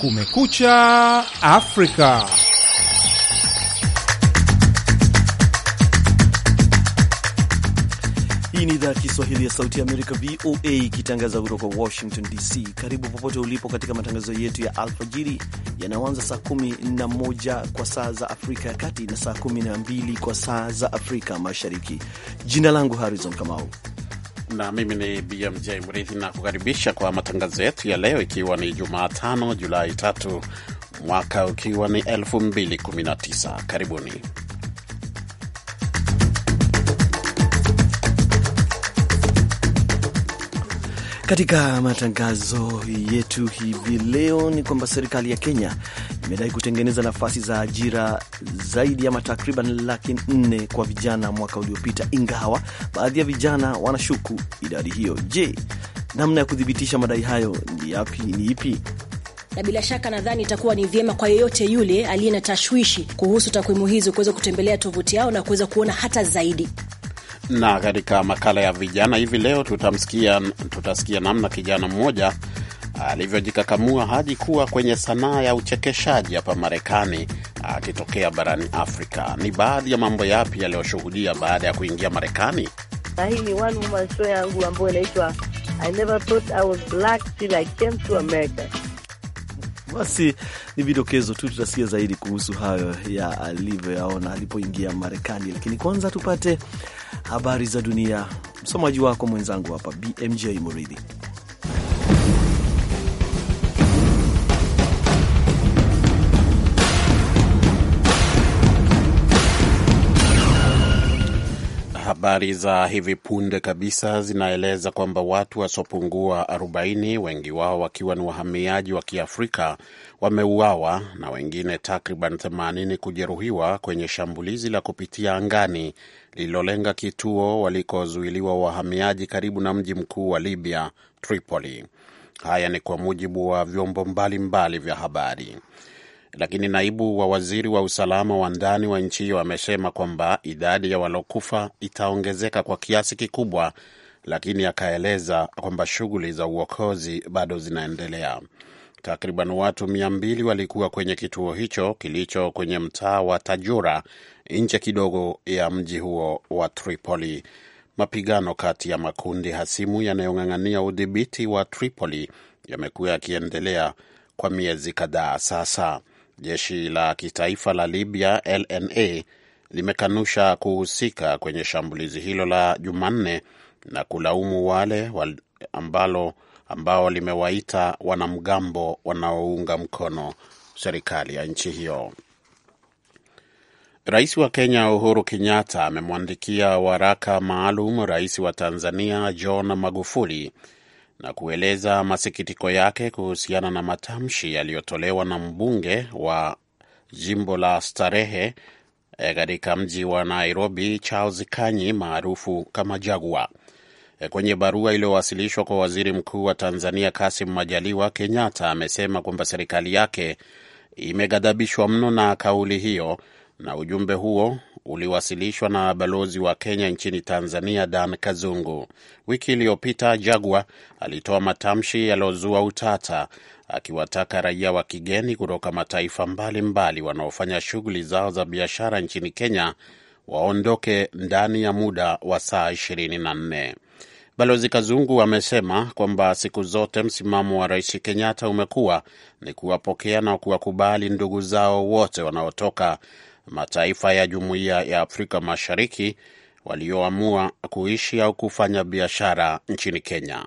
Kumekucha Afrika. Hii ni idhaa ya Kiswahili ya Sauti ya Amerika, VOA, ikitangaza kutoka Washington DC. Karibu popote ulipo katika matangazo yetu ya alfajiri yanayoanza saa 11 kwa saa za Afrika ya Kati na saa 12 kwa saa za Afrika Mashariki. Jina langu Harrison Kamau na mimi ni BMJ mrithi na kukaribisha kwa matangazo yetu ya leo, ikiwa ni Jumatano Julai tatu, mwaka ukiwa ni 2019. Karibuni. Katika matangazo yetu hivi leo ni kwamba serikali ya Kenya imedai kutengeneza nafasi za ajira zaidi ama takriban laki nne kwa vijana mwaka uliopita, ingawa baadhi ya vijana wanashuku idadi hiyo. Je, namna ya kuthibitisha madai hayo ni yapi? Ni ipi? na bila shaka nadhani itakuwa ni vyema kwa yeyote yule aliye na tashwishi kuhusu takwimu hizo kuweza kutembelea tovuti yao na kuweza kuona hata zaidi. Na katika makala ya vijana hivi leo tutamsikia, tutasikia namna kijana mmoja alivyojikakamua hadi kuwa kwenye sanaa ya uchekeshaji hapa Marekani akitokea barani Afrika. Ni baadhi ya mambo yapi yaliyoshuhudia baada ya kuingia Marekani? Na hii ni one woman show yangu ambayo inaitwa I never thought I was black till I came to America. Basi ni vidokezo tu, tutasikia zaidi kuhusu hayo ya alivyoyaona alipoingia Marekani, lakini kwanza tupate habari za dunia. Msomaji wako mwenzangu hapa BMJ Muridhi. Habari za hivi punde kabisa zinaeleza kwamba watu wasiopungua 40 wengi wao wakiwa ni wahamiaji wa Kiafrika wameuawa na wengine takriban 80 kujeruhiwa kwenye shambulizi la kupitia angani lililolenga kituo walikozuiliwa wahamiaji karibu na mji mkuu wa Libya, Tripoli. Haya ni kwa mujibu wa vyombo mbalimbali mbali vya habari lakini naibu wa waziri wa usalama wa ndani wa nchi hiyo amesema kwamba idadi ya walokufa itaongezeka kwa kiasi kikubwa, lakini akaeleza kwamba shughuli za uokozi bado zinaendelea. Takriban watu mia mbili walikuwa kwenye kituo hicho kilicho kwenye mtaa wa Tajura nje kidogo ya mji huo wa Tripoli. Mapigano kati ya makundi hasimu yanayong'ang'ania udhibiti wa Tripoli yamekuwa yakiendelea kwa miezi kadhaa sasa. Jeshi la kitaifa la Libya LNA limekanusha kuhusika kwenye shambulizi hilo la Jumanne na kulaumu wale wal, ambalo, ambao limewaita wanamgambo wanaounga mkono serikali ya nchi hiyo. Rais wa Kenya Uhuru Kenyatta amemwandikia waraka maalum rais wa Tanzania John Magufuli na kueleza masikitiko yake kuhusiana na matamshi yaliyotolewa na mbunge wa jimbo la Starehe eh, katika mji wa Nairobi, Charles Kanyi maarufu kama E, Kwenye barua iliyowasilishwa kwa waziri mkuu wa Tanzania Kasim Majaliwa, Kenyatta amesema kwamba serikali yake imeghadhabishwa mno na kauli hiyo na ujumbe huo uliwasilishwa na balozi wa Kenya nchini Tanzania, Dan Kazungu. Wiki iliyopita, Jagwa alitoa matamshi yaliyozua utata akiwataka raia wa kigeni kutoka mataifa mbalimbali wanaofanya shughuli zao za biashara nchini Kenya waondoke ndani ya muda wa saa 24. Balozi Kazungu amesema kwamba siku zote msimamo wa Rais Kenyatta umekuwa ni kuwapokea na kuwakubali ndugu zao wote wanaotoka mataifa ya Jumuiya ya Afrika Mashariki walioamua kuishi au kufanya biashara nchini Kenya.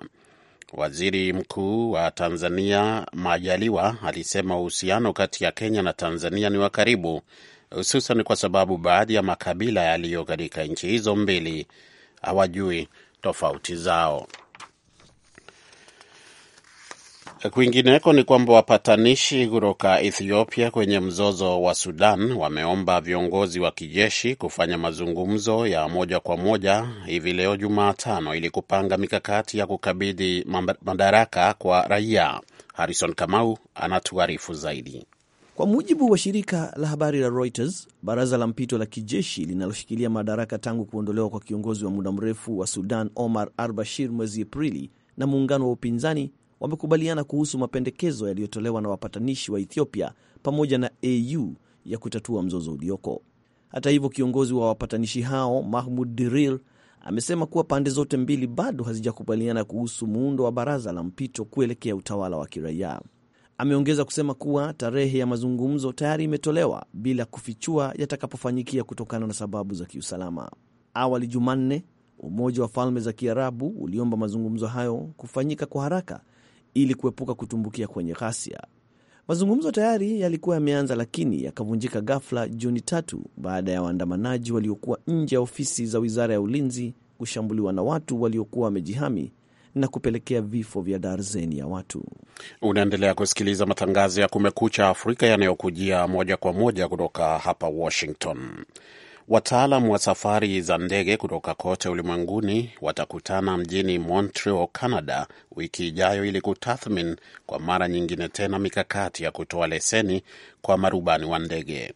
Waziri Mkuu wa Tanzania Majaliwa alisema uhusiano kati ya Kenya na Tanzania ni wa karibu, hususan kwa sababu baadhi ya makabila yaliyo katika nchi hizo mbili hawajui tofauti zao. Kwingineko ni kwamba wapatanishi kutoka Ethiopia kwenye mzozo wa Sudan wameomba viongozi wa kijeshi kufanya mazungumzo ya moja kwa moja hivi leo Jumatano ili kupanga mikakati ya kukabidhi madaraka kwa raia. Harrison Kamau anatuarifu zaidi. Kwa mujibu wa shirika la habari la Reuters, baraza la mpito la kijeshi linaloshikilia madaraka tangu kuondolewa kwa kiongozi wa muda mrefu wa Sudan Omar al-Bashir mwezi Aprili na muungano wa upinzani wamekubaliana kuhusu mapendekezo yaliyotolewa na wapatanishi wa Ethiopia pamoja na AU ya kutatua mzozo ulioko. Hata hivyo, kiongozi wa wapatanishi hao Mahmud Diril amesema kuwa pande zote mbili bado hazijakubaliana kuhusu muundo wa baraza la mpito kuelekea utawala wa kiraia. Ameongeza kusema kuwa tarehe ya mazungumzo tayari imetolewa bila kufichua yatakapofanyikia kutokana na sababu za kiusalama. Awali Jumanne, Umoja wa Falme za Kiarabu uliomba mazungumzo hayo kufanyika kwa haraka ili kuepuka kutumbukia kwenye ghasia. Mazungumzo tayari yalikuwa yameanza, lakini yakavunjika ghafla Juni tatu baada ya waandamanaji waliokuwa nje ya ofisi za wizara ya ulinzi kushambuliwa na watu waliokuwa wamejihami na kupelekea vifo vya darzeni ya watu. Unaendelea kusikiliza matangazo ya Kumekucha Afrika yanayokujia moja kwa moja kutoka hapa Washington. Wataalam wa safari za ndege kutoka kote ulimwenguni watakutana mjini Montreal, Canada wiki ijayo ili kutathmini kwa mara nyingine tena mikakati ya kutoa leseni kwa marubani wa ndege.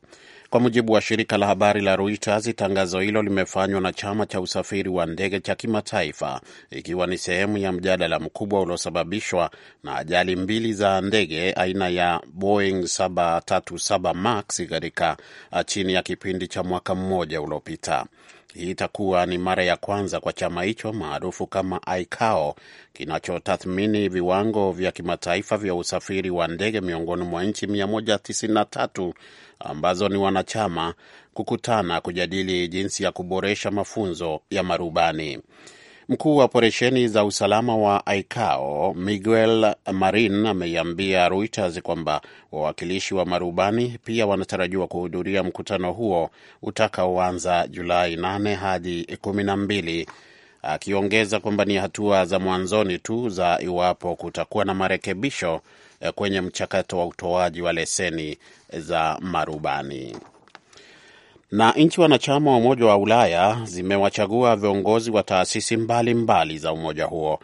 Kwa mujibu wa shirika la habari la Reuters, tangazo hilo limefanywa na chama cha usafiri wa ndege cha kimataifa, ikiwa ni sehemu ya mjadala mkubwa uliosababishwa na ajali mbili za ndege aina ya Boeing 737 Max katika ah, chini ya kipindi cha mwaka mmoja uliopita. Hii itakuwa ni mara ya kwanza kwa chama hicho maarufu kama ICAO kinachotathmini viwango vya kimataifa vya usafiri wa ndege miongoni mwa nchi 193 ambazo ni wanachama kukutana kujadili jinsi ya kuboresha mafunzo ya marubani. Mkuu wa operesheni za usalama wa ICAO Miguel Marin ameiambia Reuters kwamba wawakilishi wa marubani pia wanatarajiwa kuhudhuria mkutano huo utakaoanza Julai 8 hadi 12, akiongeza kwamba ni hatua za mwanzoni tu za iwapo kutakuwa na marekebisho eh, kwenye mchakato wa utoaji wa leseni za marubani. Na nchi wanachama wa Umoja wa Ulaya zimewachagua viongozi wa taasisi mbalimbali mbali za umoja huo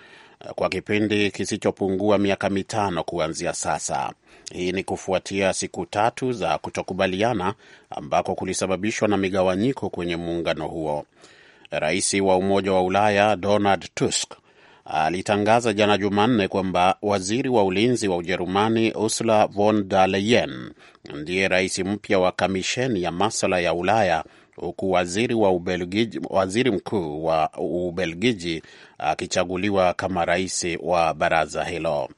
eh, kwa kipindi kisichopungua miaka mitano kuanzia sasa. Hii ni kufuatia siku tatu za kutokubaliana ambako kulisababishwa na migawanyiko kwenye muungano huo. Rais wa Umoja wa Ulaya Donald Tusk alitangaza jana Jumanne kwamba waziri wa ulinzi wa Ujerumani Ursula von der Leyen ndiye rais mpya wa kamisheni ya maswala ya Ulaya, huku waziri, wa waziri mkuu wa Ubelgiji akichaguliwa kama rais wa baraza hilo.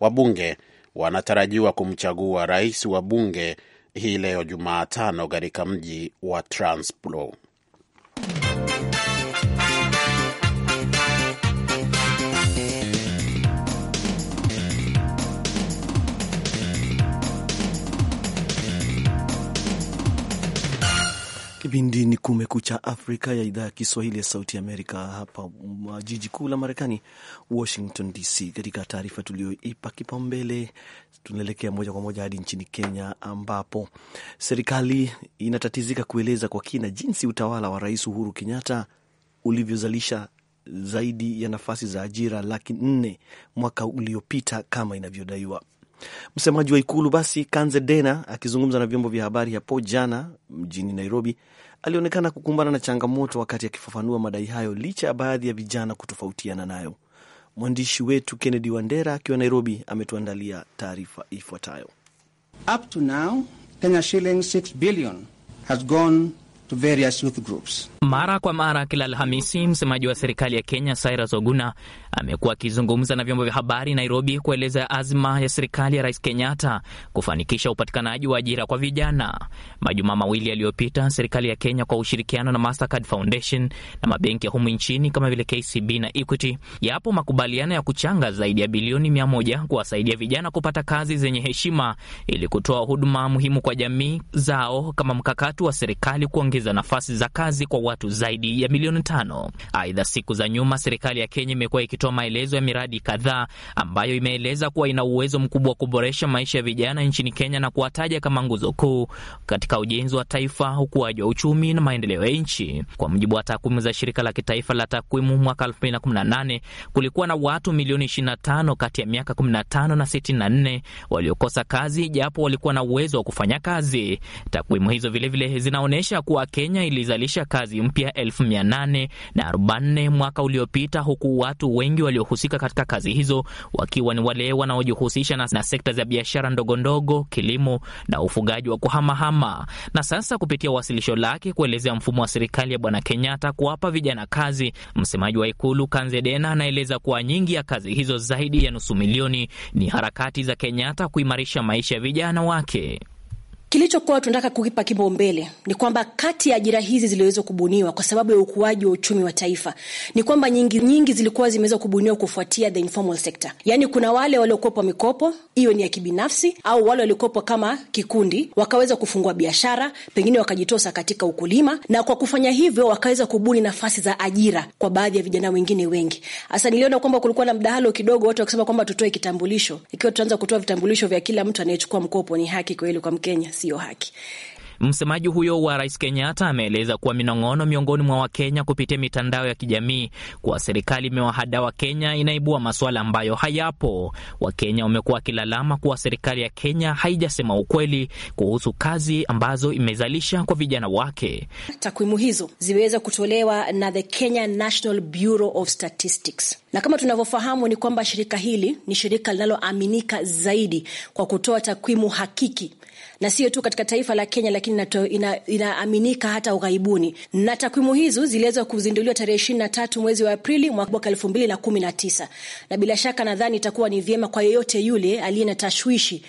Wabunge wanatarajiwa kumchagua rais wa bunge hii leo Jumatano katika mji wa Transplo. Kipindi ni Kumekucha Afrika ya idhaa ya Kiswahili ya Sauti Amerika, hapa jiji kuu la Marekani, Washington DC. Katika taarifa tuliyoipa kipaumbele, tunaelekea moja kwa moja hadi nchini Kenya, ambapo serikali inatatizika kueleza kwa kina jinsi utawala wa Rais Uhuru Kenyatta ulivyozalisha zaidi ya nafasi za ajira laki nne mwaka uliopita kama inavyodaiwa. Msemaji wa ikulu basi Kanze Dena akizungumza na vyombo vya habari hapo jana mjini Nairobi alionekana kukumbana na changamoto wakati akifafanua madai hayo licha ya baadhi ya vijana kutofautiana nayo. Mwandishi wetu Kennedy Wandera akiwa Nairobi ametuandalia taarifa ifuatayo. Up to now, Kenya shilling 6 billion has gone to various youth groups. Mara kwa mara kila Alhamisi, msemaji wa serikali ya Kenya Cyrus Oguna amekuwa akizungumza na vyombo vya habari Nairobi kueleza azma ya serikali ya Rais Kenyatta kufanikisha upatikanaji wa ajira kwa vijana. Majuma mawili yaliyopita, serikali ya Kenya kwa ushirikiano na Mastercard Foundation na mabenki ya humu nchini kama vile KCB na Equity, yapo makubaliano ya kuchanga zaidi ya bilioni mia moja kuwasaidia vijana kupata kazi zenye heshima ili kutoa huduma muhimu kwa jamii zao kama mkakati wa serikali kuongeza kuongeza nafasi za kazi kwa watu zaidi ya milioni tano. Aidha, siku za nyuma serikali ya Kenya imekuwa ikitoa maelezo ya miradi kadhaa ambayo imeeleza kuwa ina uwezo mkubwa wa kuboresha maisha ya vijana nchini Kenya na kuwataja kama nguzo kuu katika ujenzi wa taifa, ukuaji wa uchumi na maendeleo ya nchi. Kwa mujibu wa takwimu za shirika la kitaifa la takwimu, mwaka 2018 kulikuwa na watu milioni 25 kati ya miaka 15 na 64 waliokosa kazi japo walikuwa na uwezo wa kufanya kazi. Takwimu hizo vilevile zinaonyesha kuwa kuwa Kenya ilizalisha kazi mpya elfu na mwaka uliopita, huku watu wengi waliohusika katika kazi hizo wakiwa ni wale wanaojihusisha na, na sekta za biashara ndogondogo, kilimo na ufugaji wa kuhamahama. Na sasa kupitia wasilisho lake kuelezea mfumo wa serikali ya Bwana Kenyatta kuwapa vijana kazi, msemaji wa Ikulu Kanze Dena anaeleza kuwa nyingi ya kazi hizo, zaidi ya nusu milioni, ni harakati za Kenyatta kuimarisha maisha ya vijana wake. Kilichokuwa tunataka kukipa kipaumbele ni kwamba kati ya ajira hizi ziliweza kubuniwa kwa sababu ya ukuaji wa uchumi wa taifa, ni kwamba nyingi nyingi zilikuwa zimeweza kubuniwa kufuatia the informal sector, yaani kuna wale waliokopa mikopo hiyo ni ya kibinafsi au wale waliokopa kama kikundi, wakaweza kufungua biashara, pengine wakajitosa katika ukulima, na kwa kufanya hivyo wakaweza kubuni nafasi za ajira kwa baadhi ya vijana wengine wengi. Hasa niliona kwamba kulikuwa na mdahalo kidogo, watu wakisema kwamba tutoe kitambulisho. Ikiwa tutaanza kutoa vitambulisho vya kila mtu anayechukua mkopo, ni haki kweli kwa Mkenya siyo haki. Msemaji huyo wa rais Kenyatta ameeleza kuwa minong'ono miongoni mwa Wakenya kupitia mitandao ya kijamii kuwa serikali imewahada Wakenya inaibua masuala ambayo hayapo. Wakenya wamekuwa wakilalama kuwa serikali ya Kenya haijasema ukweli kuhusu kazi ambazo imezalisha kwa vijana wake. Takwimu hizo zimeweza kutolewa na the Kenya National Bureau of Statistics, na kama tunavyofahamu ni kwamba shirika hili ni shirika linaloaminika zaidi kwa kutoa takwimu hakiki na sio tu katika taifa la Kenya, lakini inaaminika ina hata ughaibuni, na takwimu hizo ziliweza kuzinduliwa tarehe ishirini na tatu mwezi wa Aprili mwaka elfu mbili na kumi na tisa na bila shaka nadhani itakuwa ni vyema kwa yeyote yule aliye na tashwishi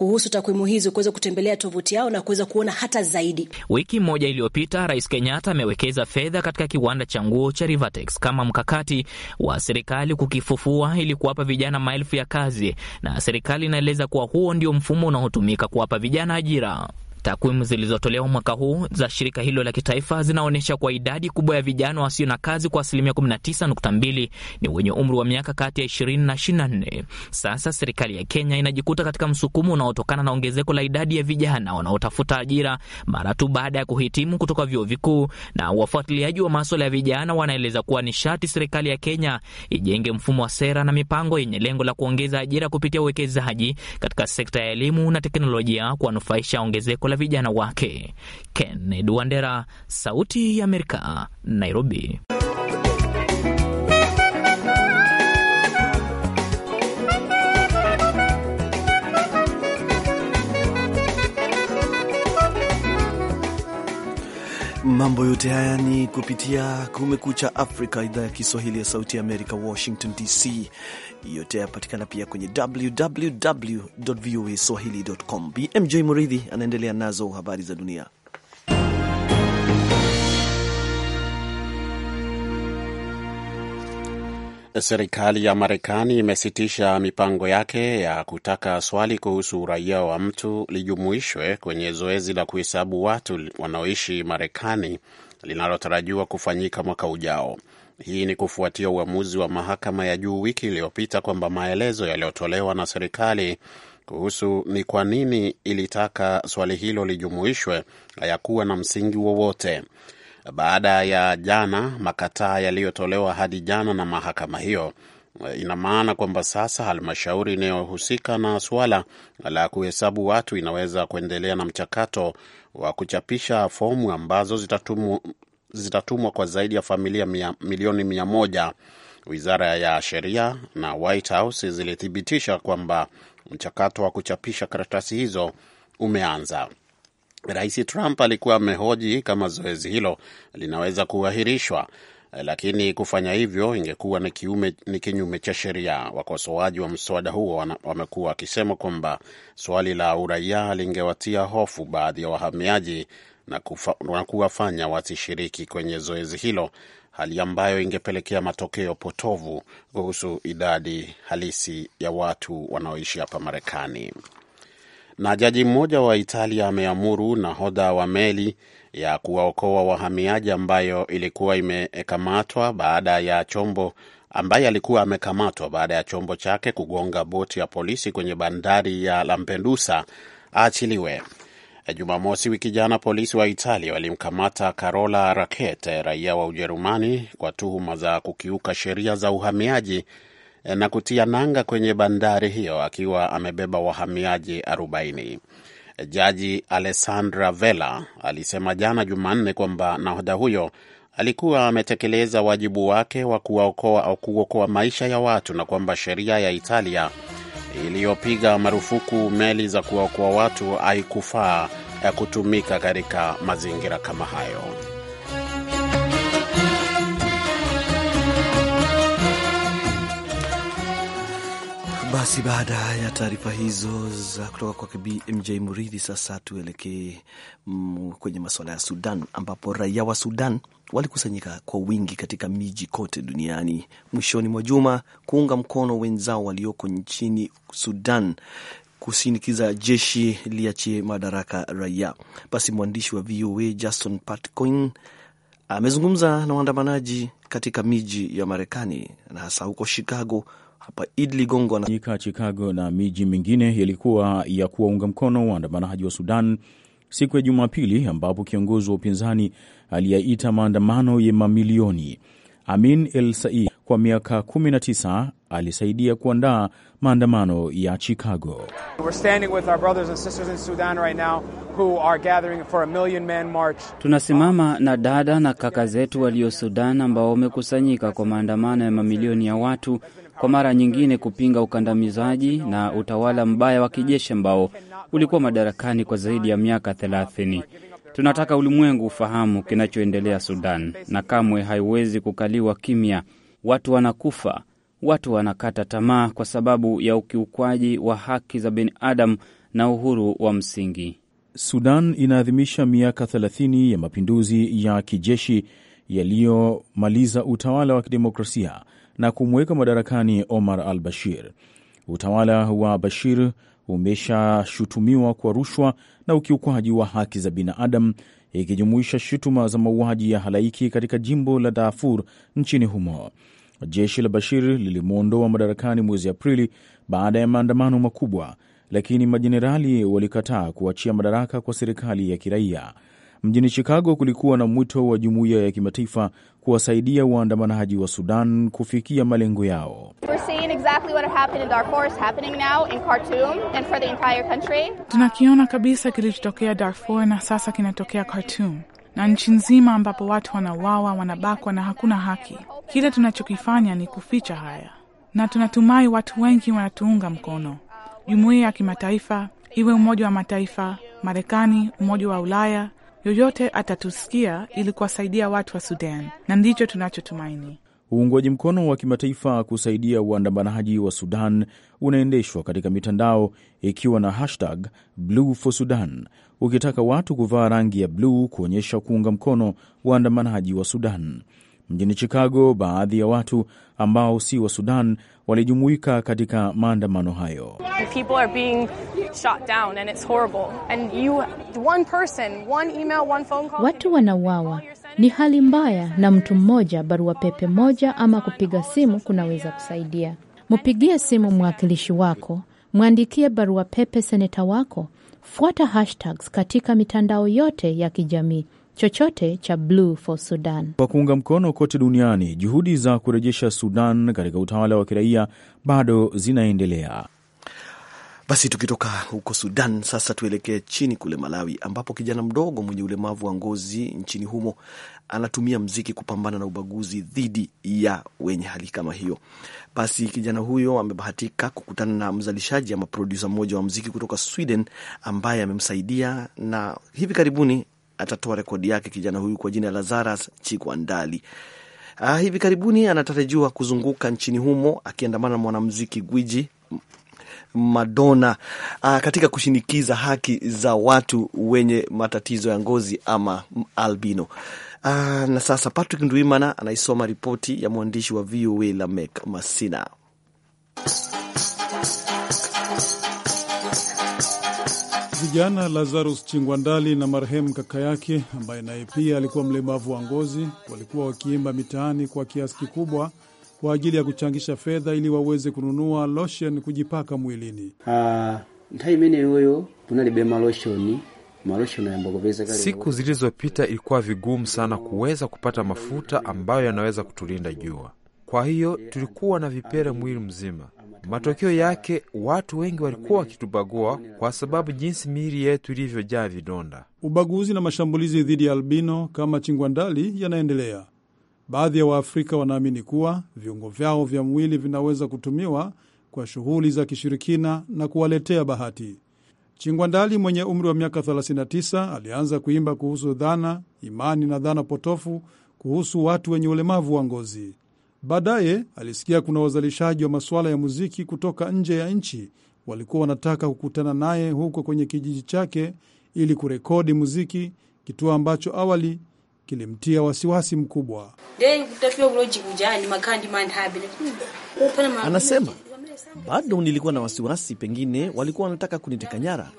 kuhusu takwimu hizo kuweza kutembelea tovuti yao na kuweza kuona hata zaidi. Wiki moja iliyopita, Rais Kenyatta amewekeza fedha katika kiwanda cha nguo cha Rivatex kama mkakati wa serikali kukifufua ili kuwapa vijana maelfu ya kazi, na serikali inaeleza kuwa huo ndio mfumo unaotumika kuwapa vijana ajira. Takwimu zilizotolewa mwaka huu za shirika hilo la kitaifa zinaonyesha kwa idadi kubwa ya vijana wasio na kazi kwa asilimia 19.2 ni wenye umri wa miaka kati ya 20 na 24. Sasa serikali ya Kenya inajikuta katika msukumo unaotokana na ongezeko la idadi ya vijana wanaotafuta ajira mara tu baada ya kuhitimu kutoka vyuo vikuu, na wafuatiliaji wa maswala ya vijana wanaeleza kuwa ni sharti serikali ya Kenya ijenge mfumo wa sera na mipango yenye lengo la kuongeza ajira kupitia uwekezaji katika sekta ya elimu na teknolojia kuwanufaisha ongezeko la vijana wake. Kennedy Wandera, Sauti ya Amerika, Nairobi. Mambo yote haya ni kupitia Kumekucha Afrika, idhaa ya Kiswahili ya Sauti ya Amerika, Washington DC. Yote yapatikana pia kwenye www voa swahili com. BMJ Muridhi anaendelea nazo habari za dunia. Serikali ya Marekani imesitisha mipango yake ya kutaka swali kuhusu uraia wa mtu lijumuishwe kwenye zoezi la kuhesabu watu wanaoishi Marekani linalotarajiwa kufanyika mwaka ujao. Hii ni kufuatia uamuzi wa mahakama ya juu wiki iliyopita kwamba maelezo yaliyotolewa na serikali kuhusu ni kwa nini ilitaka swali hilo lijumuishwe hayakuwa na msingi wowote baada ya jana makataa yaliyotolewa hadi jana na mahakama hiyo. Eh, ina maana kwamba sasa halmashauri inayohusika na suala la kuhesabu watu inaweza kuendelea na mchakato wa kuchapisha fomu ambazo zitatumwa, zitatumwa kwa zaidi ya familia mia, milioni mia moja. Wizara ya Sheria na White House zilithibitisha kwamba mchakato wa kuchapisha karatasi hizo umeanza. Rais Trump alikuwa amehoji kama zoezi hilo linaweza kuahirishwa, lakini kufanya hivyo ingekuwa ni kinyume cha sheria. Wakosoaji wa mswada huo wamekuwa wakisema kwamba swali la uraia lingewatia hofu baadhi ya wahamiaji na, kufa, na kuwafanya wasishiriki kwenye zoezi hilo, hali ambayo ingepelekea matokeo potovu kuhusu idadi halisi ya watu wanaoishi hapa Marekani. Na jaji mmoja wa Italia ameamuru nahodha wa meli ya kuwaokoa wahamiaji ambayo ilikuwa imekamatwa baada ya chombo ambaye alikuwa amekamatwa baada ya chombo chake kugonga boti ya polisi kwenye bandari ya Lampedusa aachiliwe. Jumamosi wiki jana, polisi wa Italia walimkamata Carola rakete raia wa Ujerumani, kwa tuhuma za kukiuka sheria za uhamiaji Eh, na kutia nanga kwenye bandari hiyo akiwa amebeba wahamiaji 40. Eh, Jaji Alessandra vela alisema jana Jumanne kwamba nahodha huyo alikuwa ametekeleza wajibu wake wa kuwaokoa au kuokoa maisha ya watu na kwamba sheria ya Italia iliyopiga marufuku meli za kuwaokoa watu haikufaa ya eh, kutumika katika mazingira kama hayo. Basi baada ya taarifa hizo za kutoka kwake BMJ Muridhi, sasa tuelekee mm, kwenye masuala ya Sudan ambapo raia wa Sudan walikusanyika kwa wingi katika miji kote duniani mwishoni mwa juma kuunga mkono wenzao walioko nchini Sudan kusinikiza jeshi liachie madaraka raia. Basi mwandishi wa VOA Jason Patcoin amezungumza na waandamanaji katika miji ya Marekani na hasa huko Chicago hapa Idi Ligongo na Chicago na miji mingine yalikuwa ya kuwaunga mkono waandamanaji wa Sudan siku ya Jumapili, ambapo kiongozi wa upinzani aliyaita maandamano ya mamilioni. Amin El Said kwa miaka 19 alisaidia kuandaa maandamano ya Chicago. Tunasimama na dada na kaka zetu walio Sudan ambao wamekusanyika kwa maandamano ya mamilioni ya watu kwa mara nyingine kupinga ukandamizaji na utawala mbaya wa kijeshi ambao ulikuwa madarakani kwa zaidi ya miaka thelathini. Tunataka ulimwengu ufahamu kinachoendelea Sudan, na kamwe haiwezi kukaliwa kimya. Watu wanakufa, watu wanakata tamaa kwa sababu ya ukiukwaji wa haki za binadamu na uhuru wa msingi. Sudan inaadhimisha miaka 30 ya mapinduzi ya kijeshi yaliyomaliza utawala wa kidemokrasia na kumweka madarakani Omar al Bashir. Utawala wa Bashir umeshashutumiwa kwa rushwa na ukiukwaji wa haki za binadamu ikijumuisha shutuma za mauaji ya halaiki katika jimbo la Darfur nchini humo. Jeshi la Bashir lilimwondoa madarakani mwezi Aprili baada ya maandamano makubwa, lakini majenerali walikataa kuachia madaraka kwa serikali ya kiraia. Mjini Chicago kulikuwa na mwito wa jumuiya ya kimataifa kuwasaidia waandamanaji wa Sudan kufikia malengo yao. Exactly tunakiona kabisa kilichotokea Darfur na sasa kinatokea Khartoum na nchi nzima, ambapo watu wanauawa, wanabakwa na hakuna haki. Kile tunachokifanya ni kuficha haya, na tunatumai watu wengi wanatuunga mkono. Jumuiya ya kimataifa, iwe Umoja wa Mataifa, Marekani, Umoja wa Ulaya yoyote atatusikia ili kuwasaidia watu wa Sudan, na ndicho tunachotumaini. Uungwaji mkono wa kimataifa kusaidia uandamanaji wa Sudan unaendeshwa katika mitandao ikiwa na hashtag Blue for Sudan, ukitaka watu kuvaa rangi ya bluu kuonyesha kuunga mkono waandamanaji wa Sudan mjini Chicago, baadhi ya watu ambao si wa Sudan walijumuika katika maandamano hayo. Watu wanauawa, ni hali mbaya, na mtu mmoja, barua pepe moja ama kupiga simu kunaweza kusaidia. Mpigie simu mwakilishi wako, mwandikie barua pepe seneta wako, fuata hashtags katika mitandao yote ya kijamii chochote cha Blue for Sudan. Kwa kuunga mkono kote duniani, juhudi za kurejesha Sudan katika utawala wa kiraia bado zinaendelea. Basi tukitoka huko Sudan sasa tuelekee chini kule Malawi, ambapo kijana mdogo mwenye ulemavu wa ngozi nchini humo anatumia mziki kupambana na ubaguzi dhidi ya wenye hali kama hiyo. Basi kijana huyo amebahatika kukutana na mzalishaji ama produsa mmoja wa mziki kutoka Sweden ambaye amemsaidia na hivi karibuni atatoa rekodi yake kijana huyu kwa jina la Zaras Chikwandali. Ah, hivi karibuni anatarajiwa kuzunguka nchini humo akiandamana na mwanamuziki gwiji Madonna ah, katika kushinikiza haki za watu wenye matatizo ya ngozi ama albino. Ah, na sasa Patrick Ndwimana anaisoma ripoti ya mwandishi wa VOA Lamek Masina vijana jana Lazarus Chingwandali na marehemu kaka yake ambaye naye pia alikuwa mlemavu wa ngozi walikuwa wakiimba mitaani kwa kiasi kikubwa kwa ajili ya kuchangisha fedha ili waweze kununua lotion kujipaka mwilini. Ah, Siku zilizopita ilikuwa vigumu sana kuweza kupata mafuta ambayo yanaweza kutulinda jua, kwa hiyo tulikuwa na vipele mwili mzima. Matokeo yake watu wengi walikuwa wakitubagua kwa sababu jinsi miili yetu ilivyojaa vidonda. Ubaguzi na mashambulizi dhidi ya albino kama chingwandali yanaendelea. Baadhi ya Waafrika wanaamini kuwa viungo vyao vya mwili vinaweza kutumiwa kwa shughuli za kishirikina na kuwaletea bahati. Chingwandali mwenye umri wa miaka 39 alianza kuimba kuhusu dhana, imani na dhana potofu kuhusu watu wenye ulemavu wa ngozi. Baadaye alisikia kuna wazalishaji wa masuala ya muziki kutoka nje ya nchi walikuwa wanataka kukutana naye huko kwenye kijiji chake ili kurekodi muziki, kituo ambacho awali kilimtia wasiwasi mkubwa. Anasema, bado nilikuwa na wasiwasi, pengine walikuwa wanataka kuniteka nyara.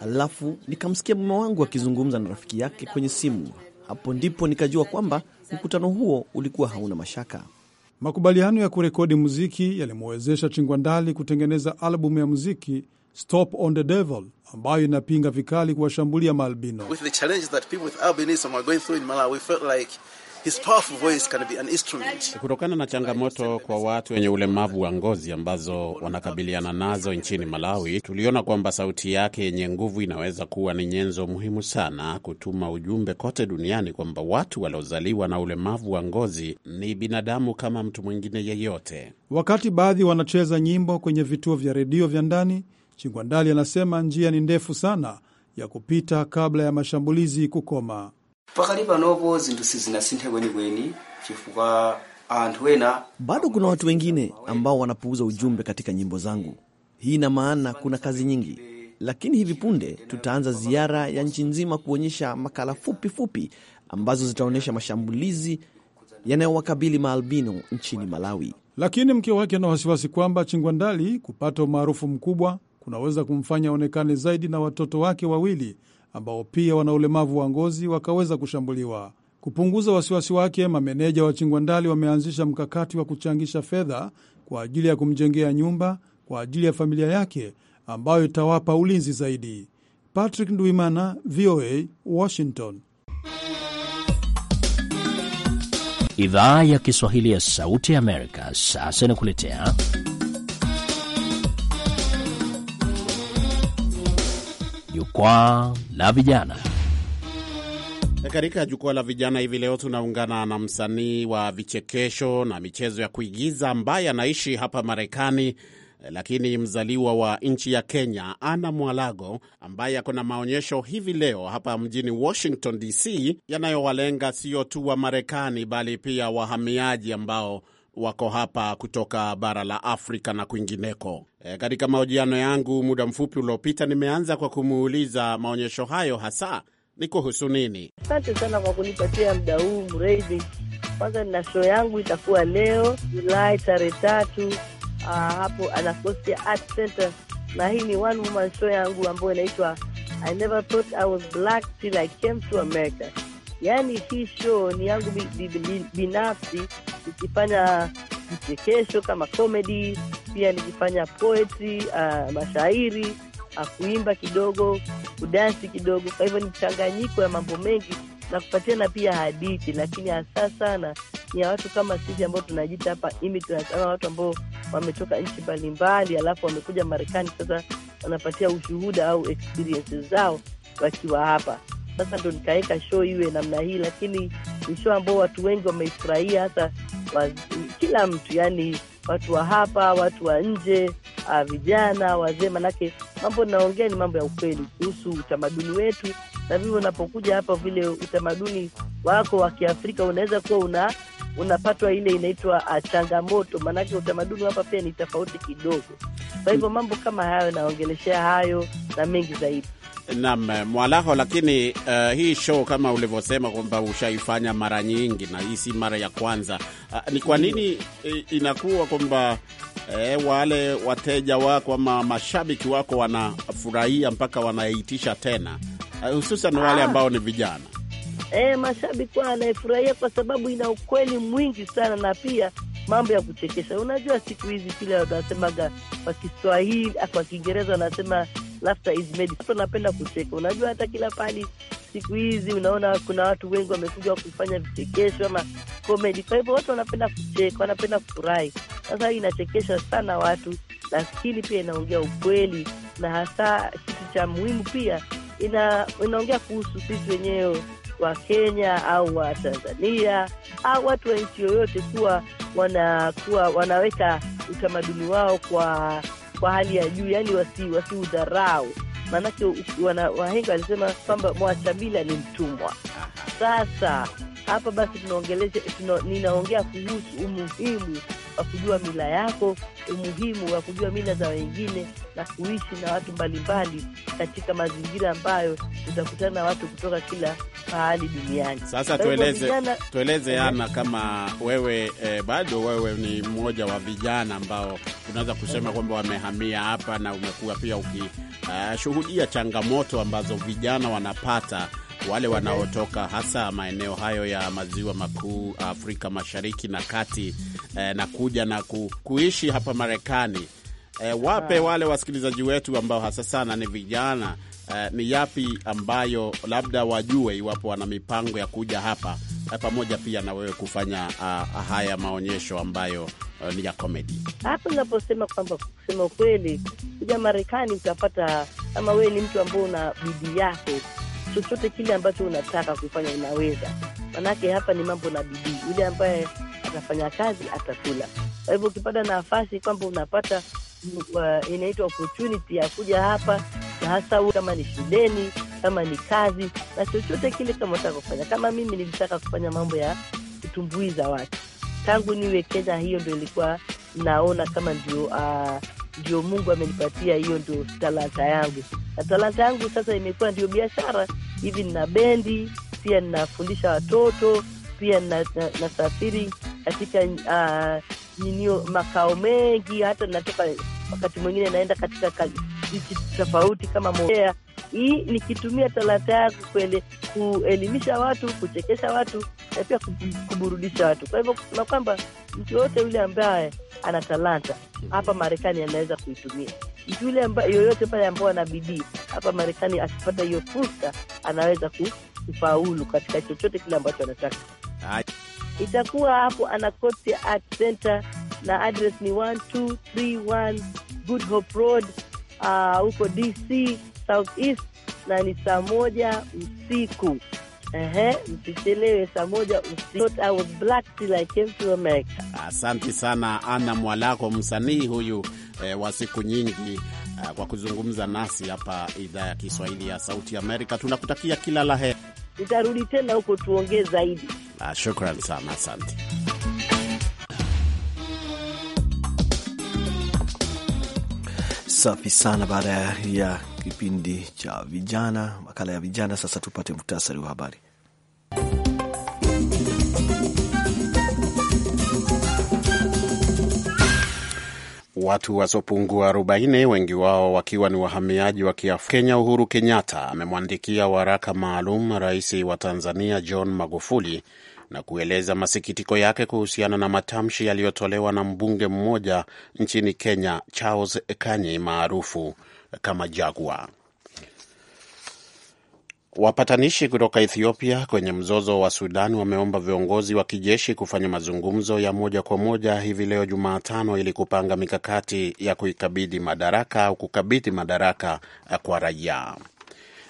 Alafu nikamsikia mume wangu akizungumza na rafiki yake kwenye simu. Hapo ndipo nikajua kwamba mkutano huo ulikuwa hauna mashaka. Makubaliano ya kurekodi muziki yalimwezesha Chingwandali kutengeneza albumu ya muziki Stop on the Devil ambayo inapinga vikali kuwashambulia maalbino. His powerful voice can be an instrument. Kutokana na changamoto kwa watu wenye ulemavu wa ngozi ambazo wanakabiliana nazo nchini Malawi, tuliona kwamba sauti yake yenye nguvu inaweza kuwa ni nyenzo muhimu sana kutuma ujumbe kote duniani kwamba watu waliozaliwa na ulemavu wa ngozi ni binadamu kama mtu mwingine yeyote. Wakati baadhi wanacheza nyimbo kwenye vituo vya redio vya ndani, Chingwandali anasema njia ni ndefu sana ya kupita kabla ya mashambulizi kukoma pakali panopo zinthu sizinasinthe kwenikweni chifukwa anthu ena. Bado kuna watu wengine ambao wanapuuza ujumbe katika nyimbo zangu. Hii ina maana kuna kazi nyingi, lakini hivi punde tutaanza ziara ya nchi nzima kuonyesha makala fupi fupi ambazo zitaonyesha mashambulizi yanayowakabili maalbino nchini Malawi. Lakini mke wake ana wasiwasi kwamba Chingwandali kupata umaarufu mkubwa kunaweza kumfanya aonekane zaidi na watoto wake wawili ambao pia wana ulemavu wa ngozi wakaweza kushambuliwa. Kupunguza wasiwasi wake, mameneja wa Chingwandali wameanzisha mkakati wa kuchangisha fedha kwa ajili ya kumjengea nyumba kwa ajili ya familia yake ambayo itawapa ulinzi zaidi. Patrick Ndwimana, VOA, Washington. Idhaa ya Kiswahili ya Sauti ya Amerika sasa inakuletea Jukwaa la Vijana. Katika jukwaa la vijana hivi leo tunaungana na msanii wa vichekesho na michezo ya kuigiza ambaye anaishi hapa Marekani lakini mzaliwa wa nchi ya Kenya, Ana Mwalago, ambaye ako na maonyesho hivi leo hapa mjini Washington DC yanayowalenga sio tu wa Marekani bali pia wahamiaji ambao wako hapa kutoka bara la Afrika na kwingineko. E, katika mahojiano yangu muda mfupi uliopita nimeanza kwa kumuuliza maonyesho hayo hasa ni kuhusu nini. Asante sana kwa kunipatia muda huu mreidhi. Kwanza nina show yangu itakuwa leo Julai tarehe tatu ah, hapo Anacostia Art Center, na hii ni one woman show yangu ambayo inaitwa I never thought I was black till I came to America. Yani hii show ni yangu binafsi, nikifanya vichekesho kama comedy, pia nikifanya poetry, uh, mashairi, uh, kuimba kidogo, kudansi kidogo. Kwa hivyo ni mchanganyiko ya mambo mengi na kupatiana pia hadithi, lakini hasa sana ni ya watu kama sisi ambao tunajita hapa immigrants, ama watu ambao wametoka nchi mbalimbali, alafu wamekuja Marekani, sasa wanapatia ushuhuda au experiences zao wakiwa hapa sasa ndo nikaweka show iwe namna hii, lakini ni show ambao watu wengi wameifurahia, hasa wa, kila mtu yani, watu wa hapa, watu wa nje, ah, vijana, wazee. Manake mambo naongea ni mambo ya ukweli kuhusu utamaduni wetu, na vivyo unapokuja hapa vile utamaduni wako wa Kiafrika unaweza kuwa una unapatwa ile inaitwa ah, changamoto, maanake utamaduni hapa pia ni tofauti kidogo. Kwa hivyo mambo kama hayo naongeleshea hayo na mengi zaidi. Naam, eh, Mwalaho, lakini uh, hii show kama ulivyosema kwamba ushaifanya mara nyingi na hii si mara ya kwanza. Uh, ni kwa nini eh, inakuwa kwamba eh, wale wateja wako ama mashabiki wako wanafurahia mpaka wanaitisha tena, uh, hususan wale ah. ambao ni vijana? e, mashabiki kwa wanaifurahia kwa sababu ina ukweli mwingi sana, na pia mambo ya kuchekesha. Unajua siku hizi kile wanasemaga kwa Kiswahili, ah, kwa Kiingereza wanasema laughter is made. Watu wanapenda kucheka. Unajua hata kila pali siku hizi unaona kuna watu wengi wamekuja kufanya vichekesho ama komedi. Kwa hivyo watu wanapenda kucheka, wanapenda kufurahi. Sasa hii inachekesha sana watu, lakini pia inaongea ukweli, na hasa kitu cha muhimu pia ina, inaongea kuhusu sisi wenyewe wa Kenya au wa Tanzania au watu wa nchi yoyote kuwa wanakuwa wanaweka utamaduni wao kwa kwa hali ya juu, yani wasiudharau, wasi maanake wahenga walisema kwamba mwachabila ni mtumwa. Sasa hapa basi tunaongelea, ninaongea kuhusu umuhimu wa kujua mila yako, umuhimu wa kujua mila za wengine na kuishi na watu mbalimbali katika mazingira ambayo utakutana na watu kutoka kila pahali duniani. Sasa tueleze, vijana... tueleze Ana, kama wewe eh, bado wewe ni mmoja wa vijana ambao unaweza kusema kwamba wamehamia hapa na umekuwa pia ukishuhudia eh, uh, changamoto ambazo vijana wanapata wale wanaotoka hasa maeneo hayo ya maziwa makuu Afrika Mashariki na Kati eh, na kuja na ku, kuishi hapa Marekani eh, wape wale wasikilizaji wetu ambao hasa sana ni vijana eh, ni yapi ambayo labda wajue iwapo wana mipango ya kuja hapa eh, pamoja pia na wewe kufanya uh, haya maonyesho ambayo eh, ni ya komedi. Hapo unaposema kwamba kusema ukweli, kuja Marekani utapata, kama wewe ni mtu ambao una bidii yake chochote kile ambacho unataka kufanya unaweza, manake hapa ni mambo na bidii. Yule ambaye atafanya kazi atakula. Kwa hivyo ukipata nafasi kwamba unapata uh, inaitwa opportunity ya kuja hapa, na hasa kama ni shuleni, kama ni kazi na chochote kile, kama unataka kufanya. Kama mimi nilitaka kufanya mambo ya kutumbuiza watu tangu niwe Kenya, hiyo ndo ilikuwa naona kama ndio uh, ndio Mungu amenipatia hiyo, ndio talanta yangu, na talanta yangu sasa imekuwa ndio biashara hivi. Nina bendi pia, ninafundisha watoto pia, nasafiri na, na katika uh, ah, ninio makao mengi, hata natoka wakati mwingine naenda katika nchi tofauti kama Mbeya hii nikitumia talanta yangu kuelimisha watu, kuchekesha watu na pia kuburudisha watu. Kwa hivyo na kwamba mtu yoyote yule ambaye ana talanta hapa Marekani anaweza kuitumia. Mtu yule yoyote pale ambao ana bidii hapa Marekani akipata hiyo fursa, anaweza kufaulu katika chochote kile ambacho anataka. Itakuwa hapo ana Art Center na address ni 1231 Good Hope Road uh, huko uh, DC Southeast na ni saa moja usiku. Msichelewe saa moja usiku. Asante sana Ana Mwalako, msanii huyu eh, wa siku nyingi eh, kwa kuzungumza nasi hapa idhaa ya Kiswahili ya Sauti Amerika. Tunakutakia kila la heri. Nitarudi tena huko tuongee zaidi. Ah, shukran sana, asante. Safi sana baada ya kipindi cha vijana, makala ya vijana. Sasa tupate muhtasari wa habari. Watu wasiopungua 40 wengi wao wakiwa ni wahamiaji wa Kiafrika. Kenya Uhuru Kenyatta amemwandikia waraka maalum rais wa Tanzania John Magufuli na kueleza masikitiko yake kuhusiana na matamshi yaliyotolewa na mbunge mmoja nchini Kenya Charles Kanyi maarufu kama jagua Wapatanishi kutoka Ethiopia kwenye mzozo wa Sudan wameomba viongozi wa kijeshi kufanya mazungumzo ya moja kwa moja hivi leo Jumatano ili kupanga mikakati ya kuikabidhi madaraka au kukabidhi madaraka kwa raia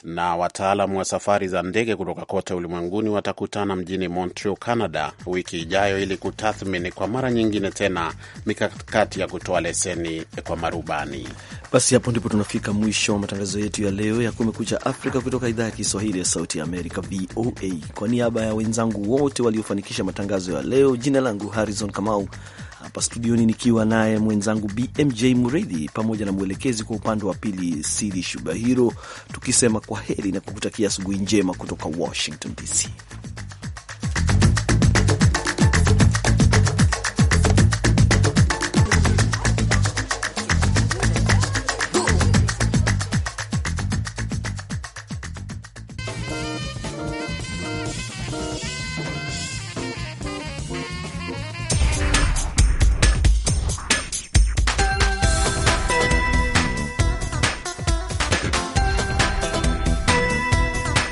na wataalamu wa safari za ndege kutoka kote ulimwenguni watakutana mjini Montreal, Canada wiki ijayo ili kutathmini kwa mara nyingine tena mikakati ya kutoa leseni kwa marubani. Basi hapo ndipo tunafika mwisho wa matangazo yetu ya leo ya Kumekucha Afrika kutoka idhaa ya Kiswahili ya Sauti ya Amerika, VOA. Kwa niaba ya wenzangu wote waliofanikisha matangazo ya leo, jina langu Harrison Kamau hapa studioni nikiwa naye mwenzangu BMJ Muridhi pamoja na mwelekezi kwa upande wa pili Sidi Shubahiro, tukisema kwa heri na kukutakia asubuhi njema kutoka Washington DC.